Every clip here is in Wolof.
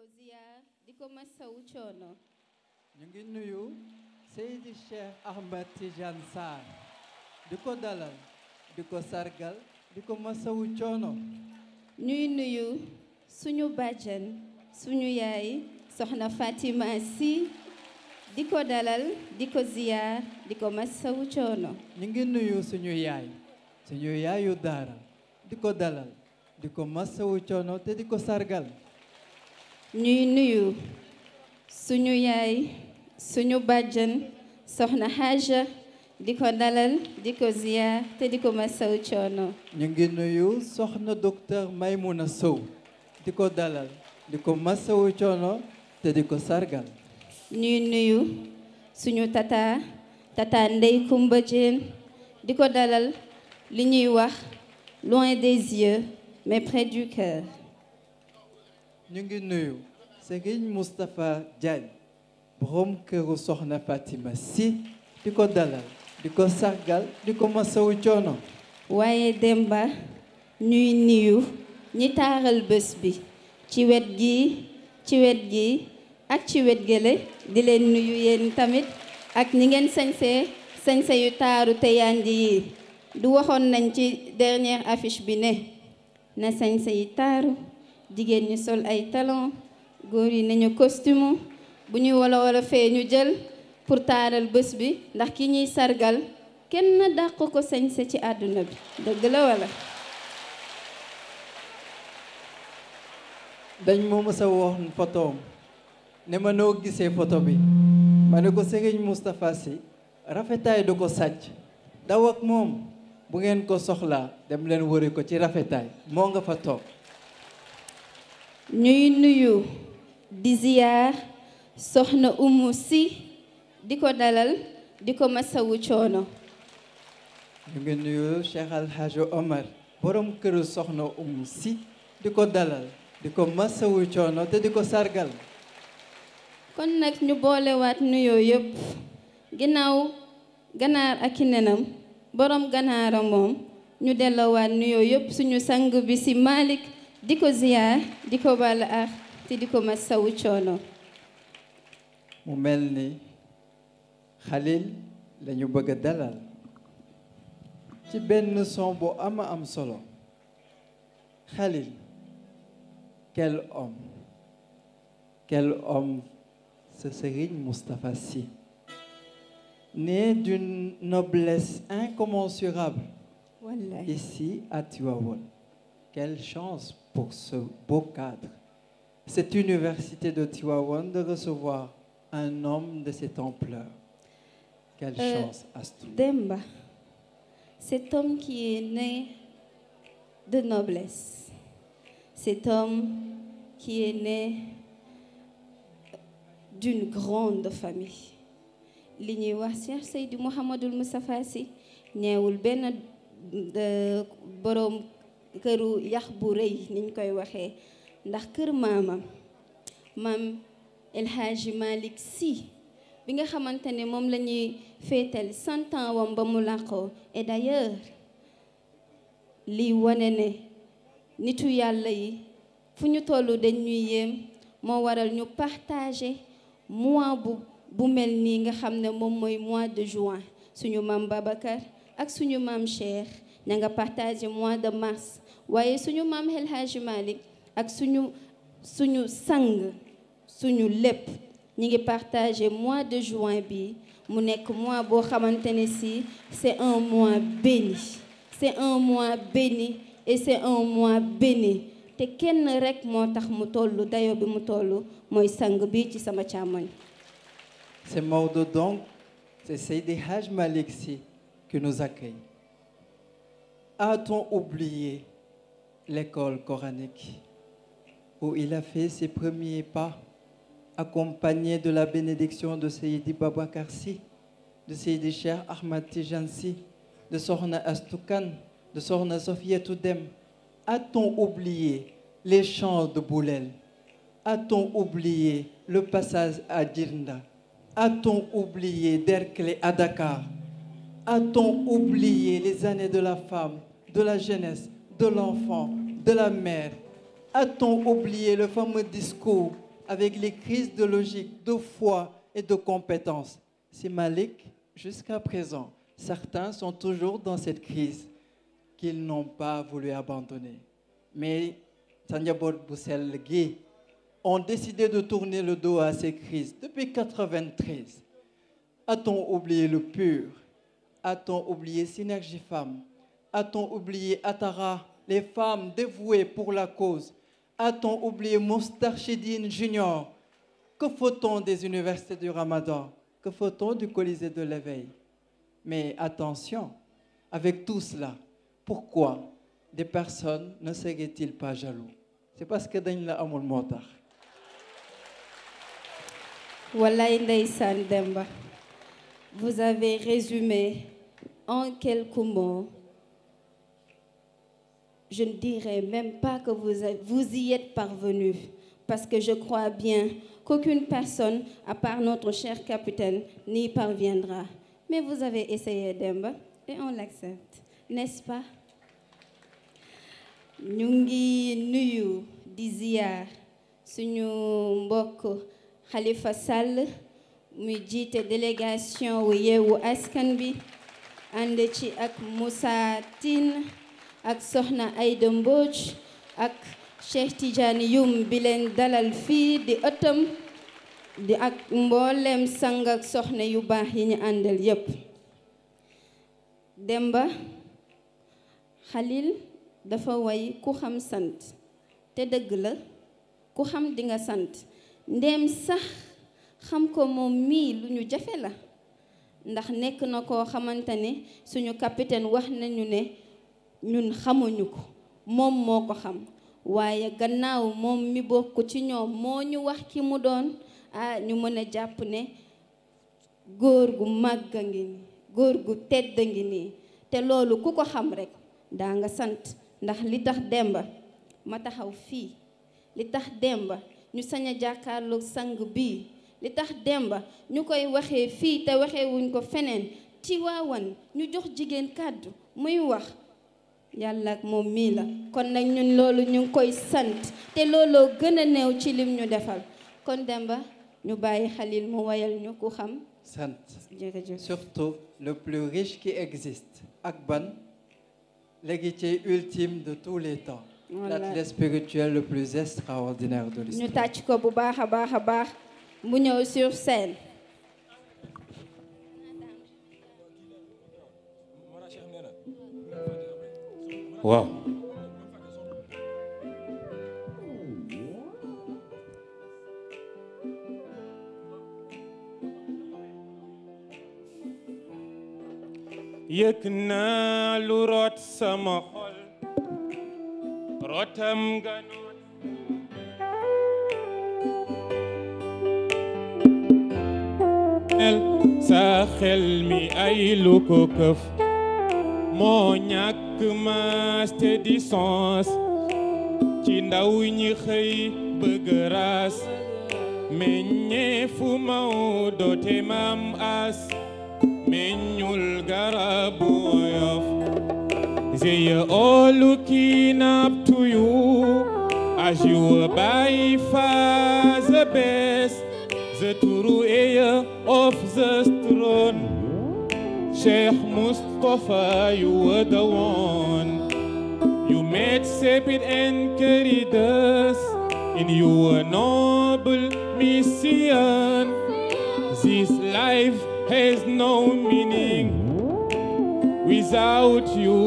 ko di ko masawu coono ñu ngi nuyu Seydi Cheikh Ahmed di ko dalal di ko sargal di ko masawu coono ñuy nuyu suñu bàjjan suñu yaay soxna Fatima si di ko dalal di ko ziyaar di ko masawu coono ñu ngi nuyu suñu yaay suñu yaayu daara di ko dalal di ko masawu coono te di ko sargal ñuy nuyu suñu yaay suñu bàjjan soxna Haja di ko dalal di ko ziyaar te di ko masaw coono. ñu ngi nuyu soxna docteur Maimouna Sow di ko dalal di ko masaw coono te di ko sargal. ñuy nuyu suñu tata tata Ndey Kumba Jeen di ko dalal li ñuy wax loin des yeux mais près du cœur. ñu ngi nuyu Serigne Moustapha Diagne borom këru soxna Fatima si di ko dalal di ko sargal di ko masawu coono waaye Demba ñuy nuyu ñi taaral bés bi ci wet gi ci wet gi ak ci wet gële di leen nuyu yéen tamit ak ñi ngeen sañsee sañse yu taaru te yandi yi du waxoon nañ ci dernière affiche bi ne na sañse yi taaru jigéen ñi sol ay talon góor yi nañu costume bu ñuy wala wala fee ñu jël pour taaral bés bi ndax ki ñuy sargal kenn dàq ko sañse ci àdduna bi dëgg la wala dañ ma mës a wax ne ma noo gisee photo bi ma ne ko sëriñ Moustapha Sy rafetaay du ko sàcc daw ak moom bu ngeen ko soxlaa dem leen wëri ko ci rafetaay moo nga fa toog ñuy nuyu di ziyaar soxna Umu Si di ko dalal di ko masawu coono ñu ngi nuyu Cheikh Alhaji Omar borom këru soxna Umu Si di ko dalal di ko masawu coono te di ko sargal kon nag ñu boolewaat nuyoo yépp ginnaaw ganaar ak i nenam borom ganaara moom ñu delloowaat nuyoo yëpp suñu sang bi ci malik di ko ziyaar di ko baal diko ma di ko mu mel ni Khalil lañu bëgg a dalal ci benn son bu ama am solo Khalil quel homme quel homme ce Serigne Moustapha Sy né d'une noblesse incommensurable ici à Tivaouane quelle chance pour ce beau cadre. Cette université de Tiwawan de recevoir un homme de cette ampleur. Quelle euh, chance, Astou. Demba, cet homme qui est né de noblesse, cet homme qui est né d'une grande famille. li ñuy wax Cheikh Seydou Mouhamadul Moustapha Sy ñeewul benn euh, këru yax bu rëy niñ koy waxee ndax kër maamam maam El Hadji Malick bi nga xamante ne moom la ñuy féetal cent wam ba mu làqoo et d'ailleurs lii wane ne nitu yàlla yi fu ñu toll dañ ñuy yéem moo waral ñu partager mois bu mel nii nga xam ne moom mooy mois de juin suñu maam Babacar ak suñu maam cher na nga partagé mois de mars waaye suñu maam El Hadji Malick ak suñu suñu sang suñu lépp ñi ngi partagé mois de juin bi mu nekk mois boo xamante ne si c'est un mois béni c'est un mois béni et c'est un mois béni te kenn rek moo tax mu toll dayo bi mu toll mooy sang bi ci sama càmmoñ c'est Maodo donc c'est Seydi Hadj si Sy qui nous accueille a-t-on oublié l'école coranique où il a fait ses premiers pas accompagné de la bénédiction de Seydi Babacar de Seydi Cheikh Ahmad Tijan Sy, de Sokhna Astou Kane, de Sokhna Sofiatou Dem. A-t-on oublié les chants de Boulel? A-t-on oublié le passage à Djirnda? A-t-on oublié Derklé à Dakar? A-t-on oublié les années de la femme? de la jeunesse, de l'enfant, de la mère. a t le fameux discours avec les crises de logique, de foi et de compétence C'est Malik jusqu'à présent. Certains sont toujours dans cette crise qu'ils n'ont pas voulu abandonner. Mais Sanjabod Boussel Gui ont décidé de tourner le dos à ces crises depuis 1993. A-t-on le pur A-t-on oublié Synergie A-t-on oublié Atara, les femmes dévouées pour la cause A-t-on oublié Moustachidine Junior Que faut-on des universités du Ramadan Que faut-on du Colisée de l'éveil Mais attention, avec tout cela, pourquoi des personnes ne seraient-ils pas jaloux C'est parce que dañ la amul moo tax. Wallaay ndeysaan Demba. Vous avez résumé en quelques mots je ne dirais même pas que vous, y êtes parvenu, parce que je crois bien qu'aucune personne, à part notre cher capitaine, n'y parviendra. Mais vous avez essayé, Demba, et on l'accepte, n'est-ce pas? ñu ngi nuyu di ziyaar suñu Khalifa Sall muy jiite délégation wu Yewwi Askan Wi ànd ak Moussa ak soxna Aida Mbodj ak Cheikh Tidiane Youm bileen dalal fii di ëttam di ak mboolem sang ak soxna yu baax yi ñu àndal yépp Demba Khalil dafa way ku xam sant te dëgg la ku xam dinga sant ndéem sax xam ko moom mii lu ñu jafe la ndax nekk na koo xamante ne suñu capitaine wax nañu ne ñun xamuñu ko moom moo ko xam waaye gannaaw moom mi bokk ci ñoom moo ñu wax ki mu doon ah ñu mën jàpp ne góor gu màgg a ngi nii góor gu tedd a ngi nii te loolu ku ko xam rekk daa nga sant ndax li tax demba ma taxaw fii li tax demba ñu saña a jàkkaarloog sang bii li tax demba ñu koy waxee fii te waxee ko feneen ci waawan ñu jox jigéen kàddu muy wax yàlla ak moom mii la kon nag ñun loolu ñu ngi koy sant te looloo gën a néew ci lim ñu defal kon Demba ñu bàyyi Khalil mu wayal ñu ku xam sant jërëjëf surtout le plus riche qui existe ak ban l'héritier ultime de tous les temps l'athlète spirituel le plus extraordinaire de l'histoire ñu tàcc ko bu baax a baax a baax mu ñëw sur scène waaw yëg naa lu root sama xol rotam nga noot sa xel mi ay lu ko moo ñàkk maas te di sens ndaw ñi xëy bëgg raas meññeefu Maodo maam as meññul garabu Yoff zeye oolu kiinap tuyu ajuwa bayi faas the best the true heir of the Cheikh Moustapha you were the you made Sabit and carried us in your noble mission this life has no meaning without you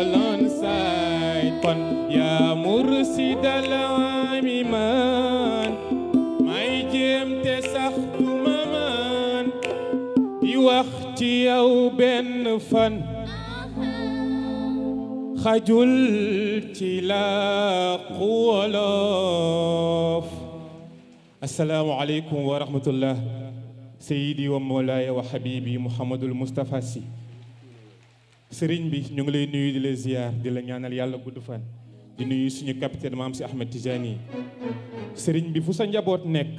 alongside kon yaa mursidal amiman may jéem te sax du ma ci yow benn fan xajul ci làkku wolof assalaamu aleykum wa rahmatullah sayidi wa moolaaya wa xabibi muhammadul mustafa si sëriñ bi ñu ngi lay nuyu di la ziyaar di la ñaanal yàlla gudd fan di nuyu suñu capitaine maam si Ahmed Tijani sëriñ bi fu sa njaboot nekk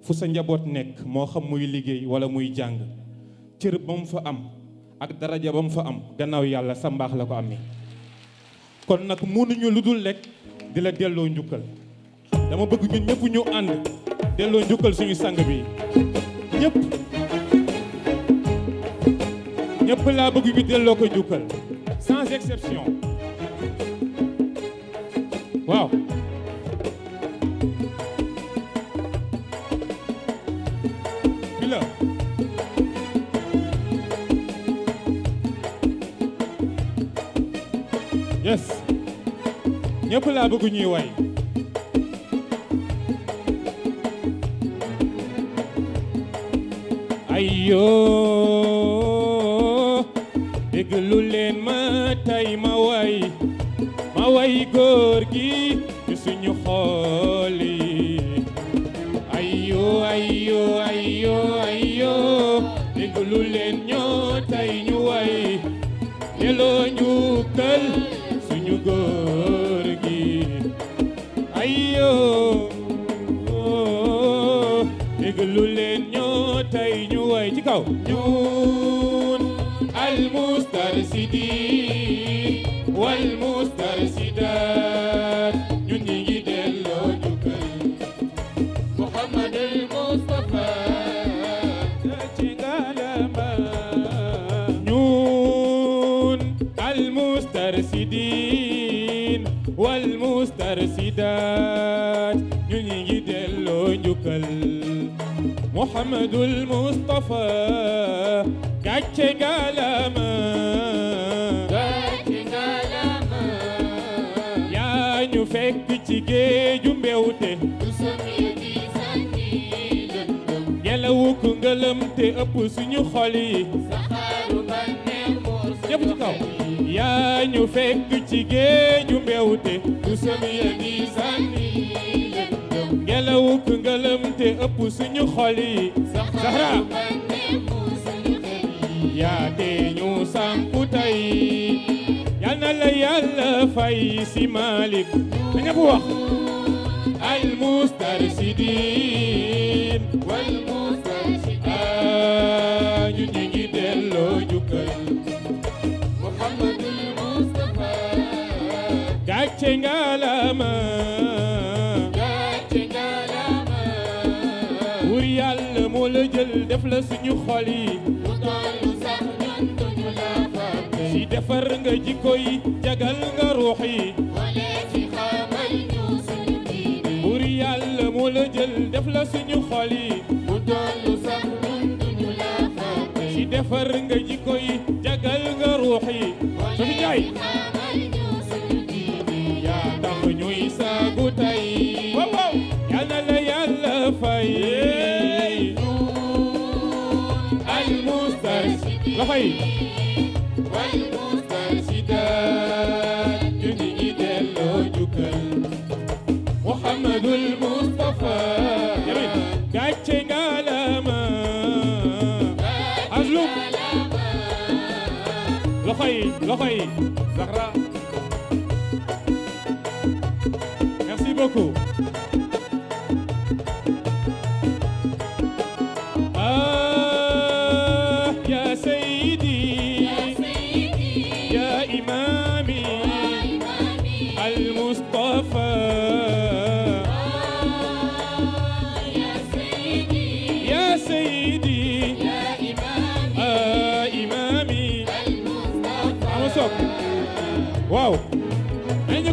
fu sa njaboot nekk moo xam muy liggéey wala muy jàng cër ba mu fa am ak daraja ba mu fa am gannaaw yàlla sa mbaax la ko mi kon nag mënuñu lu dul lekk di la delloo njukkal dama bëgg ñëpp ñu ànd delloo njukkal suñu sang bi ñëpp ñëpp laa bëgg delloo ko njukkal sans exception waaw ñëpp laa bëgg ñuy way ayyoo déglu ma tay ma way ma way góor gi ci suñu xool yi ayyoo ayyoo ñoo tay ñu way delloo njukkal suñu góor ayo oh, déglu leen ñoo tey ñu way ci kaw ñun al mustarsidin wal mustarsidat màggal Muhammadul Mustafa gàcce galama gàcce galama yaa ñu fekk ci géeju mbewte ngelawu ku ngëlëm te ëpp suñu xol yi saxaaru ba neex moor ñépp ci kaw yaa ñu fekk ci géeju mbewte du samiya di sànni lëndëm ngelawuk ngëlëm ëpp suñu xol yi saxara yaa te ñu sàmpu tey yal na la yàlla fay si Malik na ñëpp wax gàcce ngalama gàcce ngalama buur yàlla moo la jël def la suñu xol mu tollu sax ñun si defar nga jikko yi jagal nga ruux yi ñu suñu diine buur la jël def la suñu xol yi mu tollu sax ñun si defar nga jikko yi jagal nga ruux yi wala ci tey yal na la yàlla fay nun al mustarshidin loxo Muhammadul Mustafa gàcce ngaalama aslum loxo yi loxo beaucoup. Ah, ah, ah,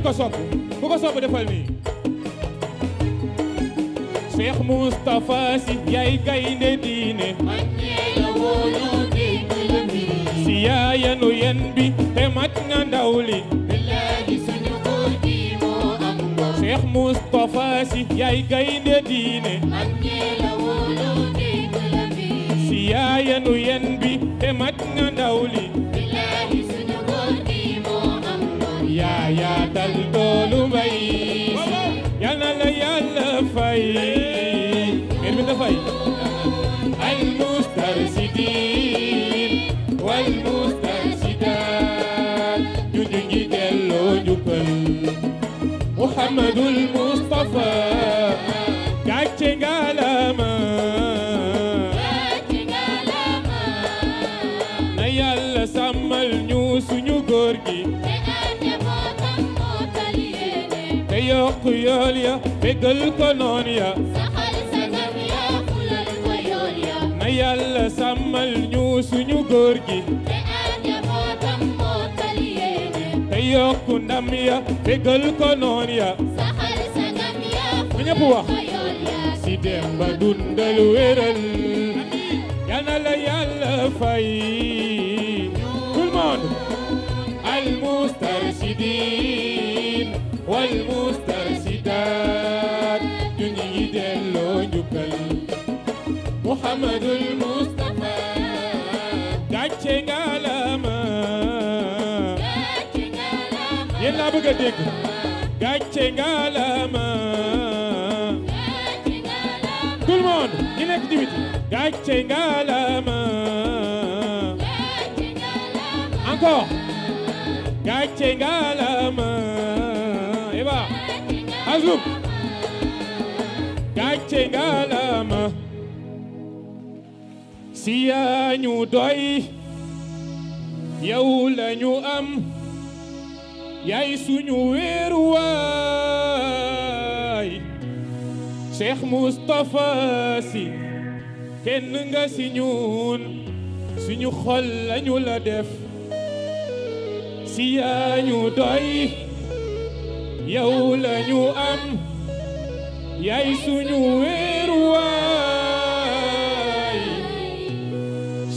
ko sopp ku ko sopp defal nii Cheikh Moustapha Sy yaay gaynde diine man ñee la wóolu dégg la mbiri si yaayanu yen bi te mat nga ndaw li billaahi suñu góor gi moo am ngor yaay gaynde diine man ñee la wóolu dégg la te mat nga ndaw li billaahi suñu góor gi moo am ngor yaa yaatal doolu mbay yal na la Yàlla fay Muhammadul Mustafa gàcce ngaalama gàcce ngaalama na Yàlla sàmmal ñu suñu góor gi te ate mootam mootal yéene te yokk yool ya bégal ko noon ya yàlla sàmmal ñu suñu góor gi te aar njabootam moo tali yokku ndam ya bégal sa ngam ya fu ñëpp ba dundal wéral yal na la yàlla fay tout le monde al mustarshidin wal mustarshidat ñu ngi dem Muhammadul Mustafa gàcce ngalaama gàcce ngalaama dégg gàcce ngalaama gàcce ngalaama tout le monde ñi nekk ci biti gàcce ngalaama gàcce ngalaama encore gàcce ngalaama Eva Azum si yaa ñu doy yow lañu am yaay suñu wéeruwaay Cheikh Moustapha Sy kenn nga si ñun suñu xol lañu la def si yaa ñu doy yow lañu am yaay suñu wéeruwaay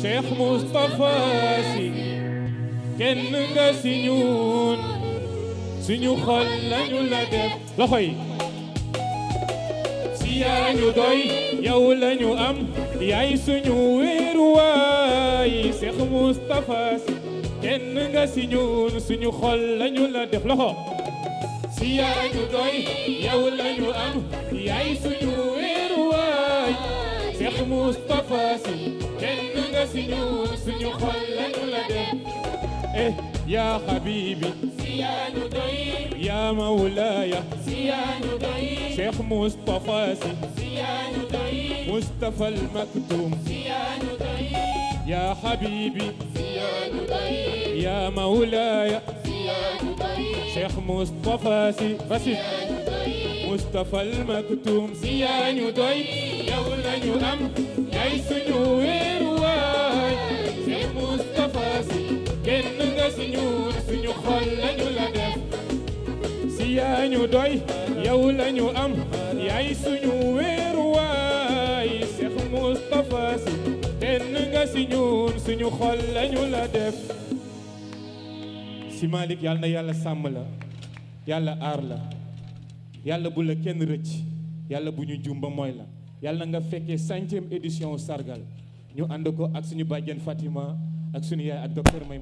Cheikh Moustapha Sy kenn nga si ñun suñu xol lañu la def loxo yi si yaa ñu doy yow lañu am yaay suñu wéeruwaay Cheikh Moustapha Sy kenn nga si ñun suñu xol lañu la def loxo si yaa ñu doy yow lañu am yaay suñu Cheikh Moustapha Sy kenn nga si ñun suñu xol lañu la def eh yaa Habibi siyaa ñu doy yaa Mawlaaya siyaa ñu doy Cheikh Moustapha Sy siyaa ñu doy Moustapha al Maktoum siyaa ñu doy yaa Habibi siyaa ñu doy yaa Mawlaaya siyaa ñu doy Cheikh Moustapha Sy Moustapha al Maktoum siyaa ñu doy ñu am si xol lañu yaa ñu doy yow lañu am yaay suñu wéeruwaay si Moustapha si nga si ñun suñu xol lañu la def si Malick yàlla na yàlla sàmm la yàlla aar la yàlla bu la kenn rëcc yàlla bu ñu jumba mooy la yàlla nga fekkee cinquième édition sargal ñu ànd ko ak suñu bàjjen fatiment ak suñu yaay ak docteur May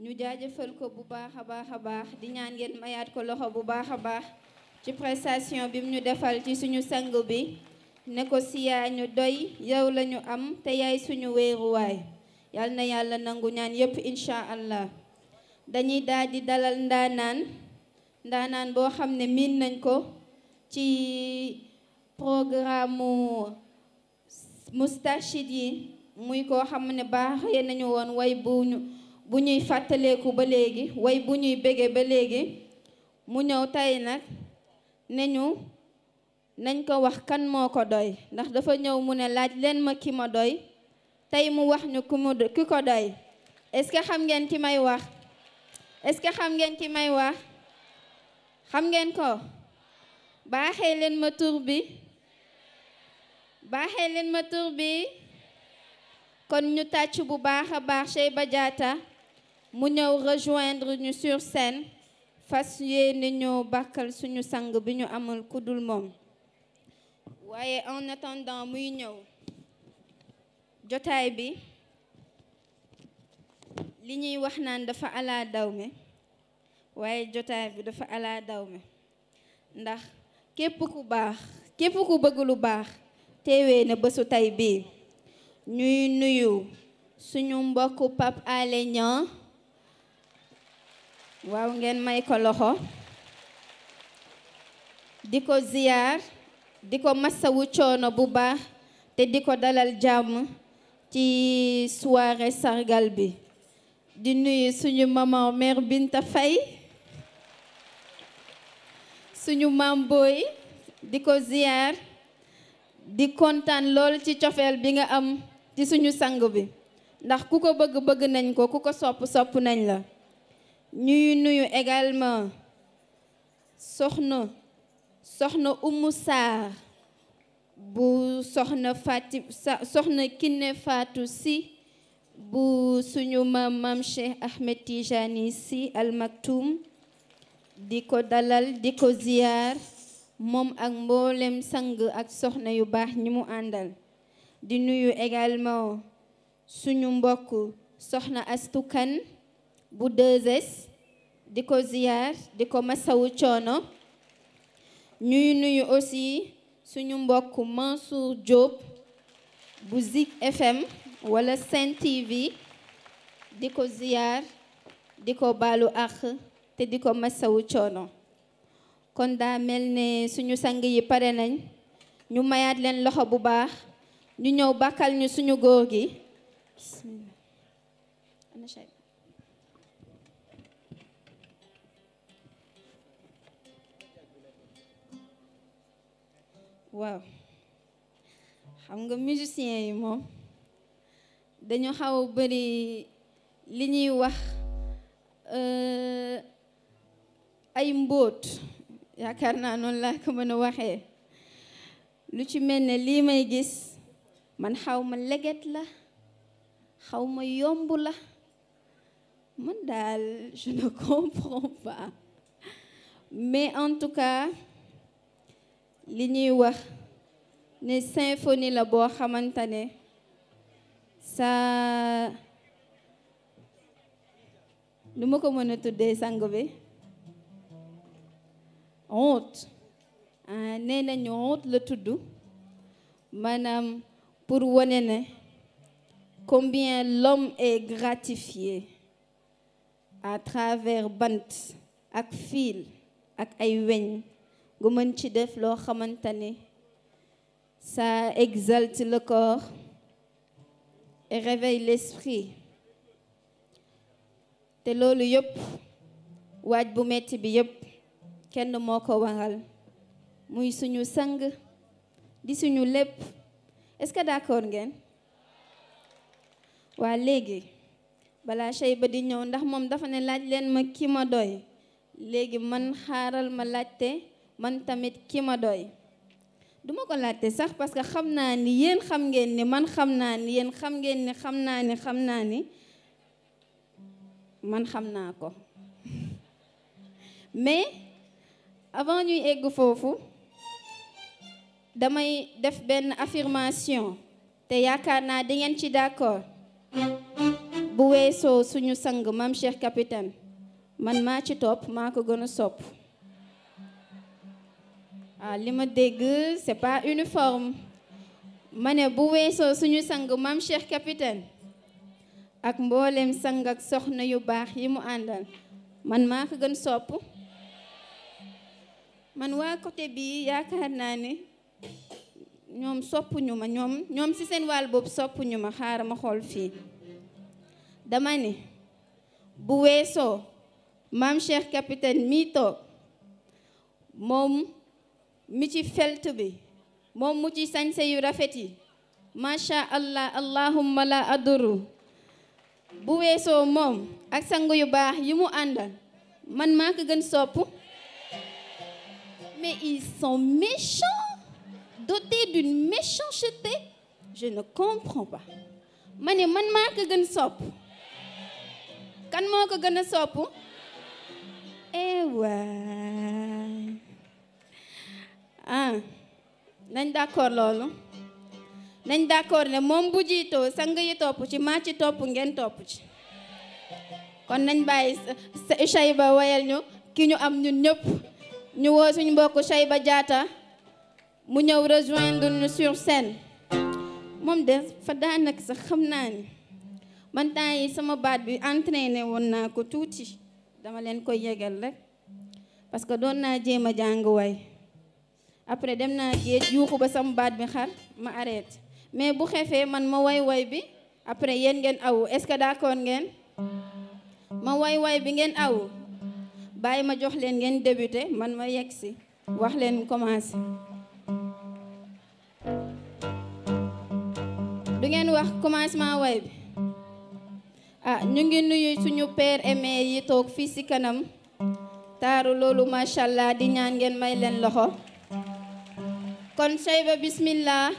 ñu jaajëfal ko bu baax a baax a baax di ñaan ngeen mayaat ko loxo bu baax a baax ci prestation bi mu ñu defal ci suñu sang bi ne ko si ñu doy yow lañu am te yaay suñu weeruwaay yal na yàlla nangu ñaan yépp incha allah dañuy daal di dalal ndaanaan ndaanaan boo xam ne miin nañ ko ci programme Moustarchidine yi muy koo xam ne baaxee nañu woon way bu ñu bu ñuy fàttaleeku ba léegi way bu ñuy bége ba léegi mu ñëw tey nag ne ñu nañ ko wax kan moo ko doy ndax dafa ñëw mu ne laaj leen ma ki ma doy tey mu wax ñu ku mu ki ko doy est-ce que xam ngeen ki may wax est-ce que xam ngeen ki may wax xam ngeen ko baaxee leen ma tur bi leen ma tur bi kon ñu tàcc bu baax a baax Seyba Diatta mu ñëw rejoindre ñu sur scène fas yéene ñoo bàkkal suñu sang bi ñu amul kudul moom waaye en attendant muy ñëw jotaay bi li ñuy wax naan dafa alaa daw waaye jotaay bi dafa alaa daw ndax képp ku baax képp ku bëgg lu baax teewee na bësu tey bii ñuy nuyu suñu mbokku Pape Alé Niang waaw ngeen may ko loxo di ko ziyaar di ko massawu coono bu baax te di ko dalal jàmm ci soirée sargal bi di nuyu suñu maman mère Binta Faye suñu maam booy di ko ziyaar di kontaan lool ci cofeel bi nga am ci suñu sang bi ndax ku ko bëgg bëgg nañ ko ku ko sopp sopp nañ la ñuy nuyu également soxna soxna Umu Saar bu soxna Fati soxna Kiné Fatou Sy bu suñu maam maam Cheikh Ahmed Tijani Sy Al Maktoum di ko dalal di ko ziyaar moom ak mboolem sang ak soxna yu baax ñi mu àndal di nuyu également suñu mbokk soxna astukan bu 2 di ko ziyaar di ko masawu coono ñuy nuyu aussi suñu mbokk Mansour Diop bu Zik FM wala Sen TV di ko ziyaar di ko baalu àq te di ko masawu coono kon daa mel ne suñu sang yi pare nañ ñu mayaat leen loxo bu baax ñu ñëw bàkkal ñu suñu góor gi waaw xam nga musiciens yi moom dañu xaw a bëri li ñuy wax euh, ay mbóot yaakaar naa noonu laa ko mën a waxee lu ci mel ni lii may gis man xaw ma leget la xaw ma yomb la man daal je ne comprends pas mais en tout cas li ñuy wax ne symphonie la boo xamante ne sa nu ma ko mën a tuddee sang bi honte ah, nee nañu honte la tudd maanaam pour wone ne combien l'homme est gratifié à bant ak fil ak ay weñ gu mën ci def loo xamante ne ça exalte le corps et réveille l'esprit te loolu yëpp waaj bu metti bi yëpp kenn moo ko waral muy suñu sang di suñu lépp est-ce que d'accord ngeen waa léegi balaa chey ba di ñëw ndax moom dafa ne laaj leen ma ki ma doy léegi man xaaral ma laajte man tamit ki ma doy duma ko laajte sax parce que xam naa ni yéen xam ngeen ni man xam naa ni yéen xam ngeen ni xam naa ni xam naa ni man xam naa ko mais avant ñuy egg foofu damay def benn affirmation te yaakaar naa di ngeen ci d'accord bu weesoo suñu sang maam Cheikh Capitaine man maa ci topp maa ko gën a sopp ah li ma dégg c'est pas uniforme ma ne bu weesoo suñu sang maam Cheikh capitaine ak mboolem sang ak soxna yu baax yi mu àndal man maa ko gën sopp man waa côté bii yaakaar naa ne ñoom soppuñu ma ñoom ci seen wàll boobu soppuñu ma xaaral ma xool fii dama ne bu weesoo maam Cheikh capitaine mii toog moom mi ci felt bi moom mu ci sañse yu rafet yi macha allah allahumma la aduru bu weesoo moom ak sangu yu baax yi mu àndal man maa ko gën sopp mais ils sont méchants dotés d'une méchanceté je ne comprends pas ma ne man maa ko gën sopp kan moo ko gën a sopp eh waay ah nañ d'accord loolu nañ d'accord ne moom bu jiitoo sang yi topp ci maa ci topp ngeen topp ci kon nañ bàyyi Shayba wayal ñu ki ñu am ñun ñëpp ñu woo suñ mbokk Shayba jaata mu ñëw rejoindre ñu sur seen moom de fa daanak sax xam naa ni man temps yi sama baat bi entraîné woon naa ko tuuti dama leen koy yégal rek parce que doon naa jéem a jàng waay après dem naa géej yuuxu ba sama baat bi xar ma arrêté mais bu xefee man ma way way bi après yéen ngeen awu est-ce que d'accord ngeen ma way way bi ngeen awu bàyyi ma jox leen ngeen débuté man ma yegg si wax leen commencé du ngeen wax commencement way bi ah ñu ngi nuyu suñu père et yi toog fii ci kanam taaru loolu macha allah di ñaan ngeen may leen loxo kon Seyba bismillah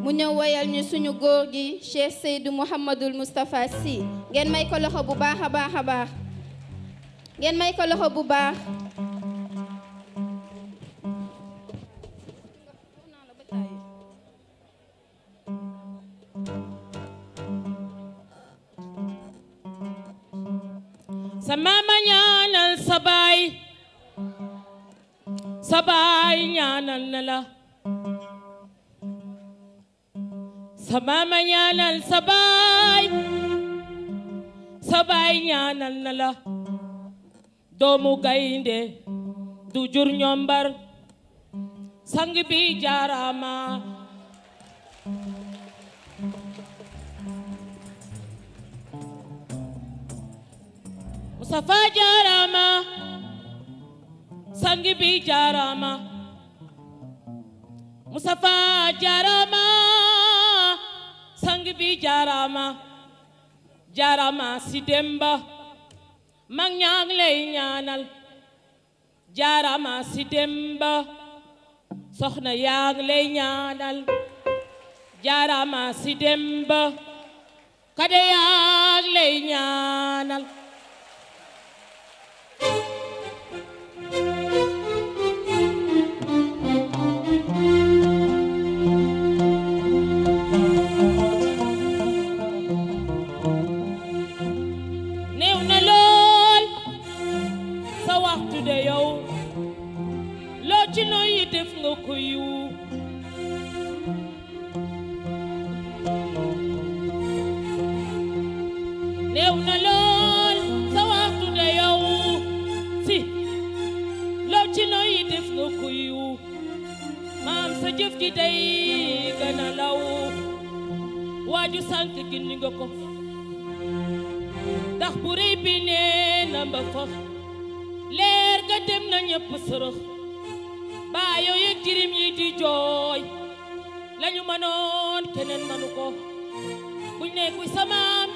mu ñëw woyal ñu suñu góor gi Cheikh Seydou Mouhamadul Moustapha si ngeen may ko loxo bu baax a baax a baax ngeen may ko loxo bu baax sa baay sabaay ñaanal na la sa ñaanal sabaay sabaay na la doomu gaynde du jur ñombar sang bi jaaraama Mustafa jaaraama sangi bi jaarama Mustafa jaarama sangi bi jaarama jaarama si demba mag ñaang lay ñaanal jaarama si demba soxna yaang lay ñaanal jaarama si demba kade yaang lay ñaanal mbokk yu néew na lool sa waxtu de si loo ci nooyi def nga ko yu maam sa jëf ji day gën a law waaju sànq gindi nga ko ndax bu bi nee na mba leer ga dem na ñëpp sërëx baa yow jirim yi di jooy lañu mënoon keneen mënu ko buñ ne kuy samaam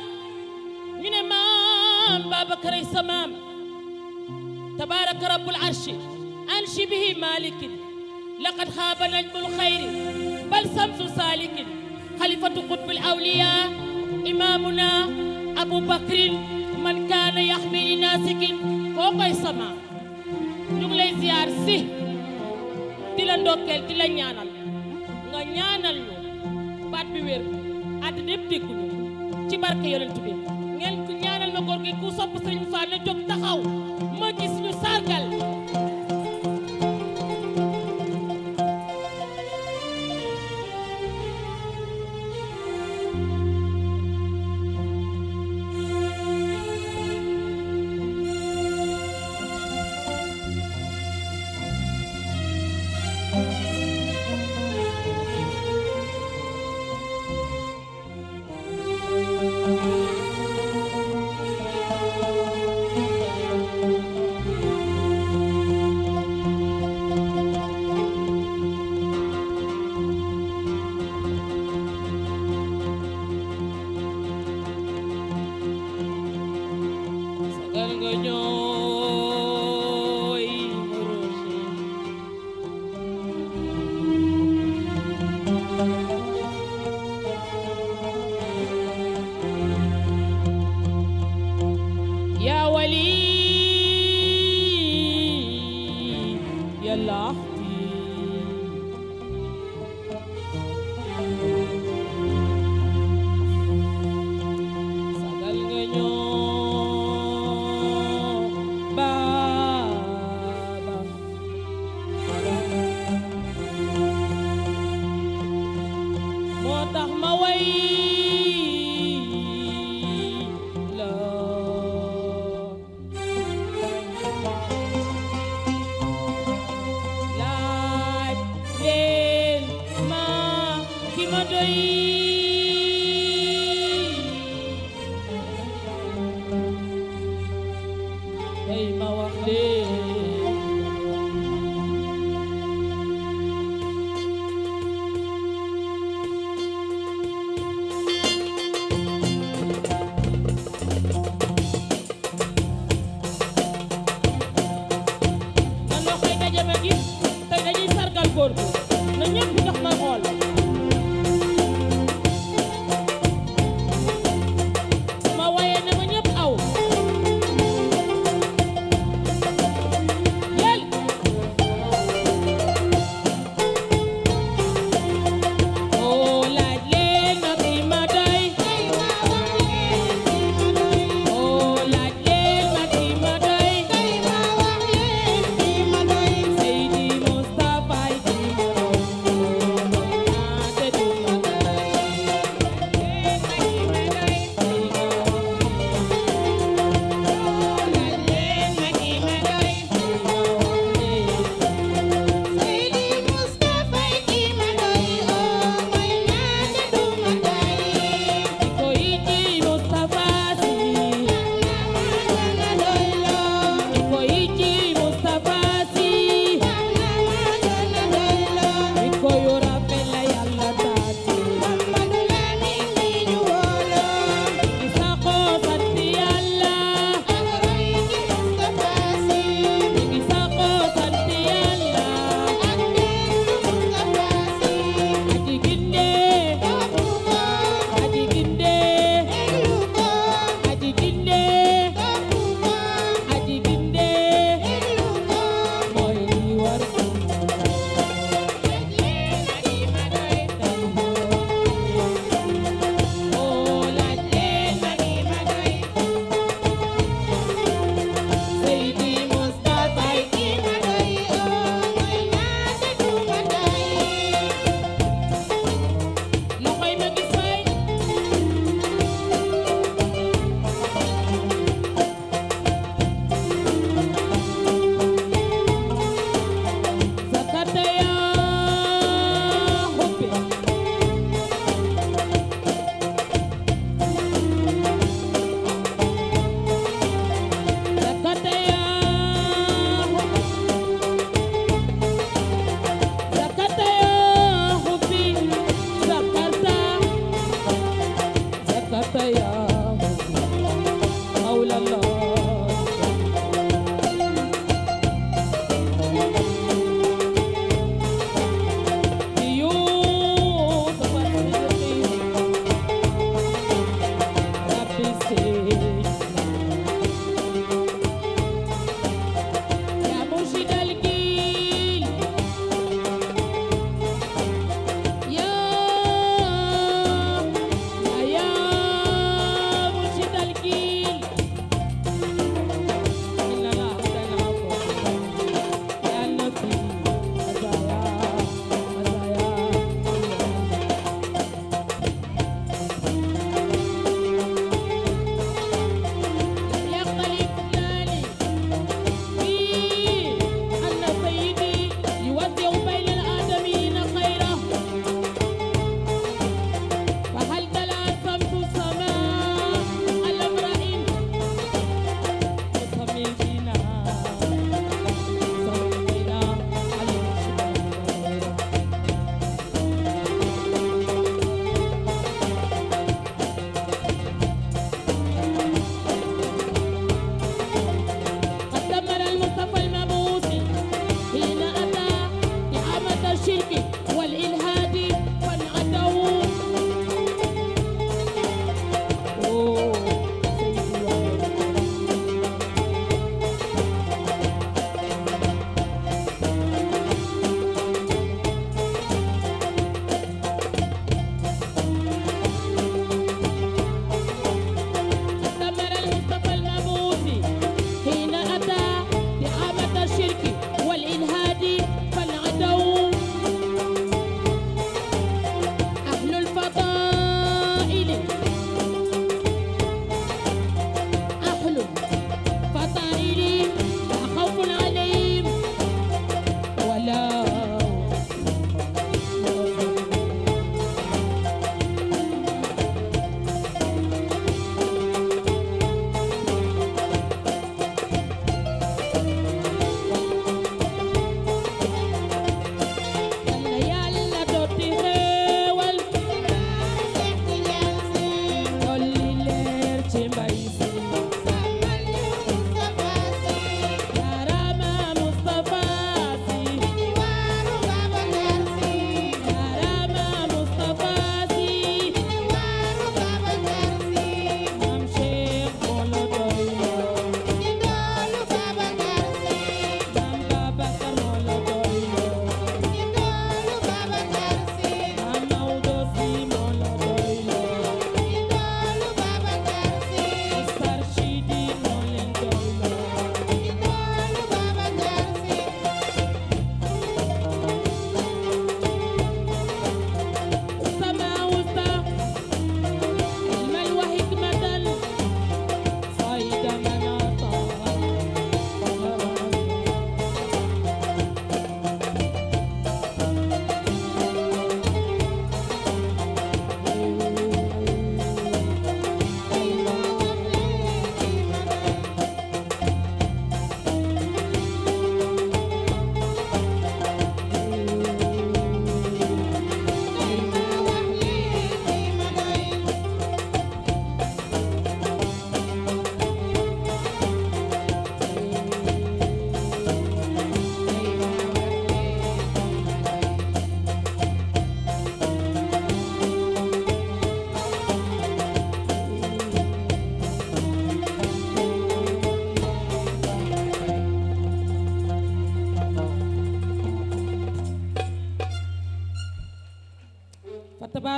ñu ne maam Babakaray samaam tabaaraka rabbul arshi anshi bihi malikin laqad xaaba najmul xayri bal samsu saalikin xalifatu qutbil awliya imaamuna abu bakrin man kaana yaxmi li naasikin koo koy samaam ñu ngi di la ndokkeel di la ñaanal nga ñaanal ñu baat bi wér àdd dépp dégg ñu ci barke yonent bi ngeen ñaanal ma góor ku sopp Sëriñ Fall na taxaw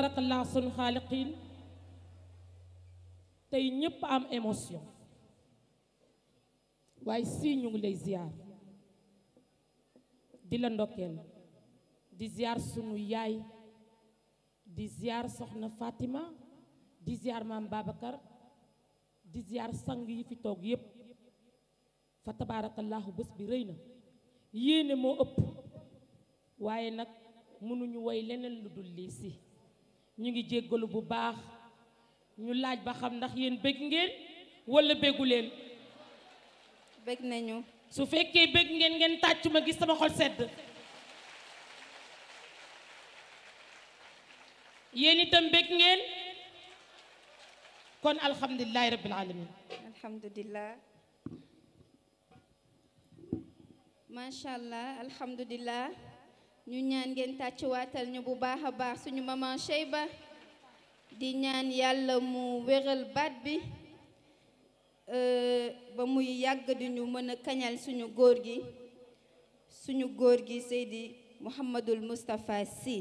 tabarakallah sun xaaliqin tey ñépp am émotion waaye si ñu ngi lay ziar di la ndokkeel di ziar sunu yaay di ziar soxna Fatima di ziar maam Babacar di ziar sang yi fi toog yépp fa tabarakallahu bés bi rëy na yéene moo ëpp waaye nag mënuñu woy leneen lu dul lii si ñu ngi jéggalu bu baax ñu laaj ba xam ndax yéen bég ngeen walla bëggu leen bëgg nañu su fekkee bëgg ngeen ngeen tàcc ma gis sama xol sedd yéen itam bëgg ngeen kon alhamdulilahi rabbil alamin alhamdulilah ñu ñaan ngeen tàccuwaatal ñu bu baax a baax suñu maman Cheyba di ñaan yàlla mu wéral baat bi euh, ba muy yàgg di ñu mën a kañal suñu góor gi suñu góor gi Seydi Mouhamadul Moustapha si